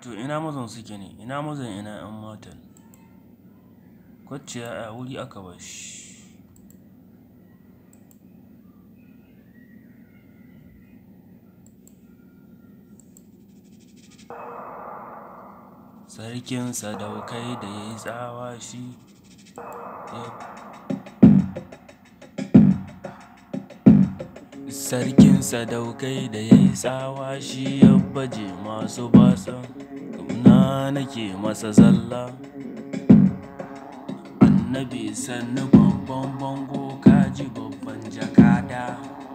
To ina mazan suke ne? Ina mazan ina 'yan matan? Kwacce a wuri aka ba shi. Sarkin sadaukai da ya yi tsawa shi ya sarkin sadaukai da ya yi tsawa shi ya baje masu basa na nake masa zalla annabi sannu babban bango kaji babban jakada